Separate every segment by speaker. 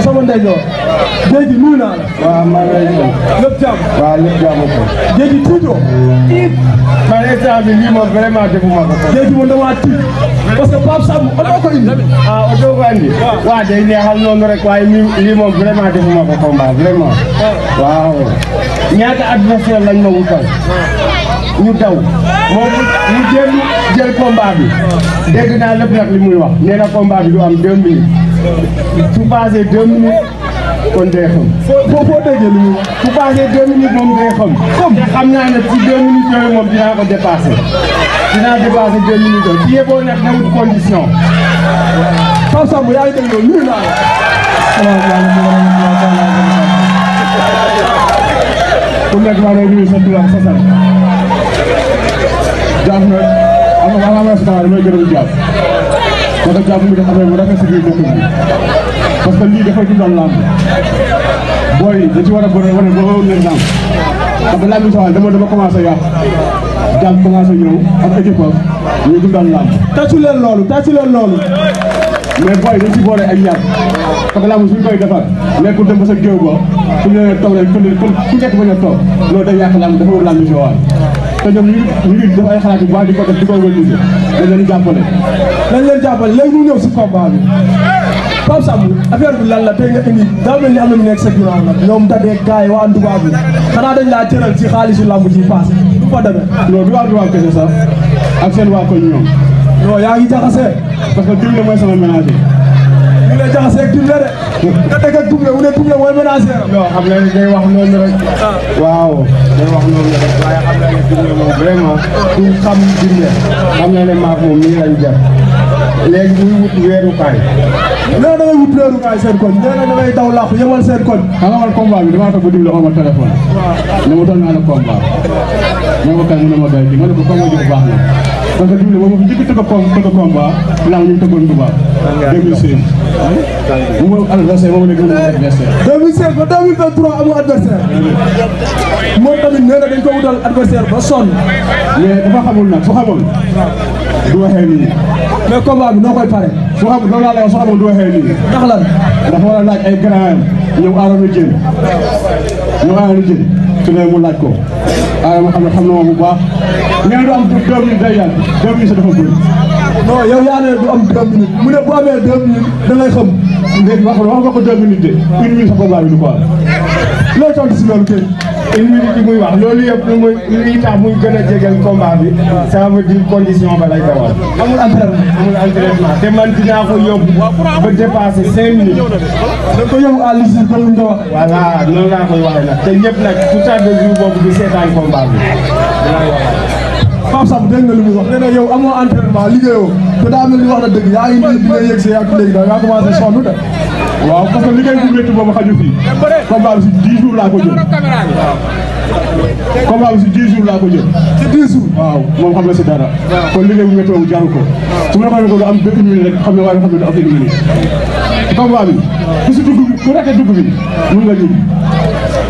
Speaker 1: sama sama ndeyjoor. Jéegi nuyu naa la. maa lay nuyu. lépp jàmm. waaw lépp jàmm ko. Jéegi tiitoo. tiit. man instant bi lii moom vraiment defuma ko. Jéegi moom damaa tiit. parce que Pape Samb oto ko indi. ah oto ko indi. waaw day neexal noonu rek waaye lii moom vraiment defuma ko combat vraiment. lañ ma wutal. ñu daw moom ñu jéem jël combat bi. dégg naa lépp nag li muy wax nee na combat du am deux minutes. Tout passe deux minutes, on défend. Pourquoi deux minutes. Tout passe deux minutes, on défend. Comme Je ramène un petit deux minutes, on vient de dépasser. Je viens de dépasser deux minutes. Qui est bon, on a une condition. Pas ça, vous l'avez dit, nous, là. dafa jàpp ni dafa amee bu rafet si biir dëkk bi parce que lii dafay dundal làmb booy yi dañ ci war a bëre wane ba wóor leen làmb parce que làmb yi dama dama commencé yàq jàpp commencé ñëw ak équipe am ñuy dundal làmb. tàccu leen loolu tàccu leen loolu. mais booy dañ ci boole ak yàq parce que làmb suñ koy defar nekkul dem ba sa géew ba fu ñu leen toog rek ku nekk bañ a toog loolu day yàq làmb dafa wër làmb si waay. te ñoom ñu ngi def ay xalaat yu baax di ko def di ko organisé dañ leen jàppale. dañ leen jàppale léegi ñu ñëw si combat bi Pape Samb affaire bi lan la tey nga indi daa mel ni am na ñu nekk sa ginnaaw nag ñoom Dade gars yi waa Nduba bi xanaa dañ laa cëral ci xaalisu làmb ji paase du fa demee. non du waa Nduba kese sax ak seen waa koñ ñoom. non yaa ngi jaxase parce que tur bi mooy sama ménage ñu ne jaxaseeg Tumblé de. nga dëkk ak Tumblé mu e Tumblé mooy menacé la. non xam nga wax noonu rek. waaw day wax noonu rek waaye xam nga ne vraiment ku xam Tumblé xam nga ne maak moom nii lañ def léegi muy wut weerukaay. nee na da ngay wut weerukaay seen koñ nee na da ngay daw làqu yemal seen koñ. xanaa man combat bi damaa toog ba Tumblé xool ma téléphone. waaw ne ma doon naa la combat. mu ne ma doy bi baax la. parce que dimbali boobu njëkk a tëgg a combat laa ñu tëggoon Touba. 2016. bu ma adversaire moom la gën a adversaire. 2016 ba 2023 amul adversaire. moom tamit nee na dañ ko wutal adversaire ba sonn. mais dafa xamul nag su xamoon. du waxee nii. mais combat bi noo koy pare. su xamul loolu laa lay wax su xamul du waxee nii. ndax lan dafa war a laaj ay grand ñëw aaroon jël ñëw aaroon jël su ne mu laaj ko. waaye ma xam ne xam na moom bu baax nee du am deux minutes day yàgg deux minutes dafa bëri non yow yaa ne du am deux minutes mu ne bu amee deux minutes da ngay xam léegi wax wax nga ko deux minutes de une minute sa combat bi du ko am loo tontu si loolu kay humidité loolu yëpp lu muy luy tax muy gën a jegeel combat bi ça veut dire condition ba lay dawal. amul entraînement amul entraînement te man dinaa ko yóbbu ba dépassé cinq minutes. da ko yóbbu à l' usine ni nga ko waxee. voilà noonu laa koy waxee nag te ñëpp nag tout à fait jour boobu di seetaan combat bi dinaa wax. Pape Samb dégg nga lu muy wax nee na yow amoo entraînement liggéeyoo te daa mel ni wax na dëgg yaa ngi nii bi de. waaw parce que liggéey bu métti boobu xaju fii combat bi si dix jours laa ko jël combat bi si dix jours laa ko jël si dix waaw moom xam na si dara kon liggéey bu métti boobu jaru ko xam ne waaye xam si dugg bi ku rate dugg bi mun nga jub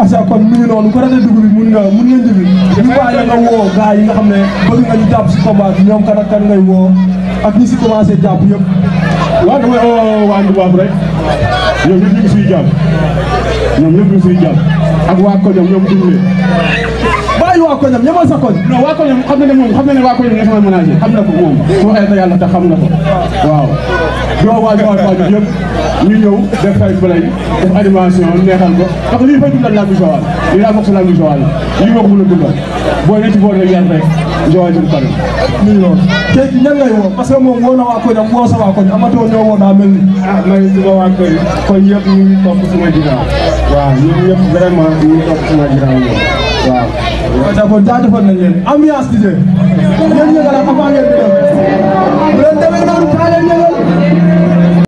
Speaker 1: asa kon mi ngi noonu ku rate dugg bi mun nga mun nga njëbi ñu bàyyi nga woo gars yi nga xam ne bëgg nga ñu jàpp si combat ñoom kan ak kan ngay woo ak ñi si commencé jàpp yëpp waaw damay oo waa Ndubaab rek ñoom ñëpp ñu ngi suy jàpp ñoom ñëpp ñu ngi ak waa Koñam ñoom Dundee. waa koñam ñamal sa koñ non waa koñam xam ne moom xam na ne waa koñam nga sama ménager xam na ko moom su waxee te yàlla te xam na ko waaw doo waaj waaj waaj yëpp ñu ñëw def neexal ko parce lii fay dundal làmb Joal lii daa bokk si làmb moo ko mën a dundal boo ne ci boor rek yar rek Joal jëm kanam nii loolu tey ci ñan ngay woo parce que moom woo na waa koñam woo sa waa koñ amatoo ñoo woo daa mel ni ah may suma waa koñ koñ yëpp d' accord jaajëfal nañ leen ambiance di jee yéen ñëpp daal xam nga ngeen di def bu leen demee noonu kaa leen ñëgal